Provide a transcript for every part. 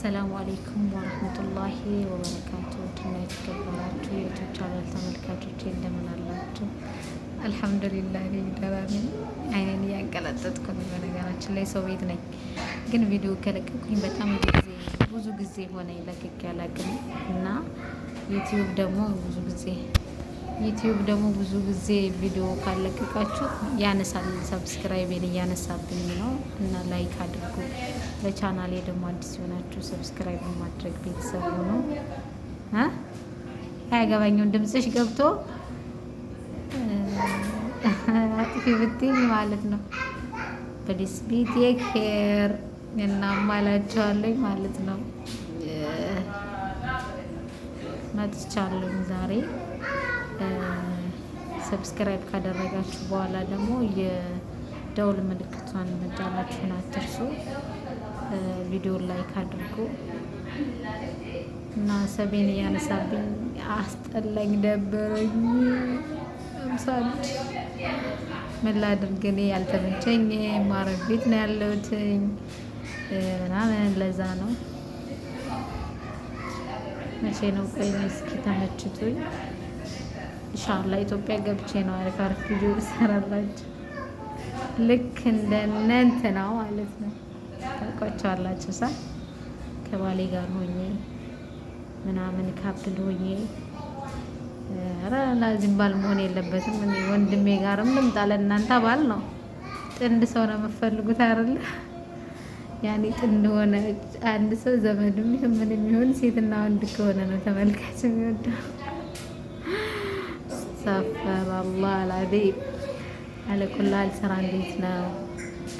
አሰላሙ አሌይኩም ወረህመቱላሂ ወበረካቱ ድና የተከበራችሁ የቶች አባል ተመልካቾች እንደምን አላችሁ? አልሐምዱሊላህ እኔ ደህና ነኝ። አይኔን እያንቀላጠጥኩ ነው። በነገራችን ላይ ሰው ቤት ነኝ፣ ግን ቪዲዮ ከለቀኩኝ በጣም ጊዜ ብዙ ጊዜ ሆነኝ ለቅቄ አላቅም እና ዩቲዩብ ደግሞ ብዙ ጊዜ ዩቲዩብ ደግሞ ብዙ ጊዜ ቪዲዮ ካለቀቃችሁ ያነሳል። ሰብስክራይቤን እያነሳብኝ ነው እና ላይክ አድርጉ። ለቻናሌ ደግሞ አዲስ የሆናችሁ ሰብስክራይብ ማድረግ ቤተሰብ ሆኖ አያገባኝም። ድምፅሽ ገብቶ አጥፊ ብትል ማለት ነው። በዲስቢት እና እናማላቸዋለኝ ማለት ነው። መጥቻለሁ ዛሬ ሰብስክራይብ ካደረጋችሁ በኋላ ደግሞ የደውል ምልክቷን መጫናችሁን አትርሱ። ቪዲዮ ላይክ አድርጉ እና ሰቤን እያነሳብኝ አስጠላኝ፣ ደበረኝ። ምሳድ ምን ላድርግ? እኔ ያልተመቸኝ ማረፍ ቤት ነው ያለሁትኝ ምናምን ለዛ ነው። መቼ ነው ቆይ እስኪ ተመችቶኝ ኢንሻላ ኢትዮጵያ ገብቼ ነው አሪፍ አሪፍ ቪዲዮ ሰራላችሁ። ልክ እንደ እናንተ ነው ማለት ነው። ታውቋቸዋላችሁ ሳ ከባሌ ጋር ሆኜ ምናምን ካፕል ሆኜ ኧረ ላዚም ባል መሆን የለበትም። እኔ ወንድሜ ጋርም ልምጣለ ለእናንተ ባል ነው ጥንድ ሰው ነው የምፈልጉት አይደለ? ያኔ ጥንድ ሆነ አንድ ሰው ዘመድም ምን ምንም ይሁን ሴትና ወንድ ከሆነ ነው ተመልካች የሚወደው። ሰፈር አላህ አልዓዚም አለቁላል። ስራ እንዴት ነው?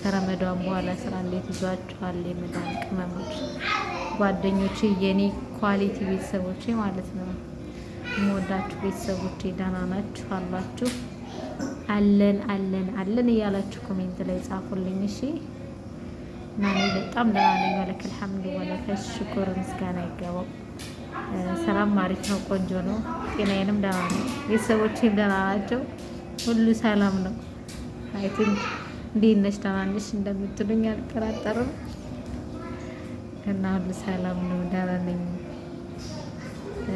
ከረመዳን በኋላ ስራ እንዴት ይዟችኋል? የመዳን ቅመሞች ጓደኞቼ፣ የኔ ኳሊቲ ቤተሰቦቼ ማለት ነው። የምወዳችሁ ቤተሰቦቼ ደህና ናችሁ አሏችሁ? አለን አለን አለን እያላችሁ ኮሜንት ላይ ጻፉልኝ። እሺ እና በጣም ደህና ነኝ። ወለክ አልሐምዱ ወለከ ሽኩር ምስጋና ይገባው። ሰላም አሪፍ ነው፣ ቆንጆ ነው። ጤናዬንም ደህና ነው። ቤተሰቦቼም ደህና ናቸው። ሁሉ ሰላም ነው። አይ ቲንክ እንዴት ነሽ ደህና ነሽ እንደምትሉኝ አልጠራጠርም። እና ሁሉ ሰላም ነው፣ ደህና ነኝ።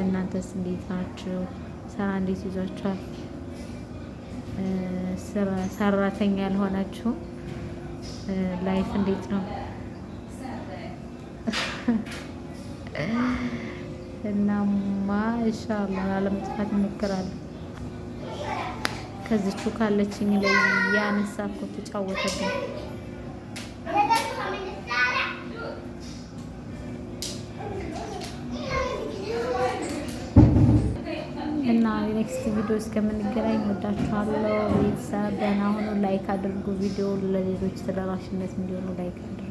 እናንተስ እንዴት ናችሁ? ስራ እንዴት ይዟችኋል? ሰራተኛ ያልሆናችሁም ላይፍ እንዴት ነው? እና ማ ኢንሻአላህ ላለመጥፋት እሞክራለሁ። ከዚቹ ካለችኝ ላይ ያነሳ እኮ ተጫወተብኝ። እና ኔክስት ቪዲዮ እስከምንገናኝ ወዳችኋለሁ ቤተሰብ። ደህና ሁኑ። ላይክ አድርጉ ቪዲዮ ለሌሎች ተደራሽነት እንዲሆኑ ላይክ አድርጉ።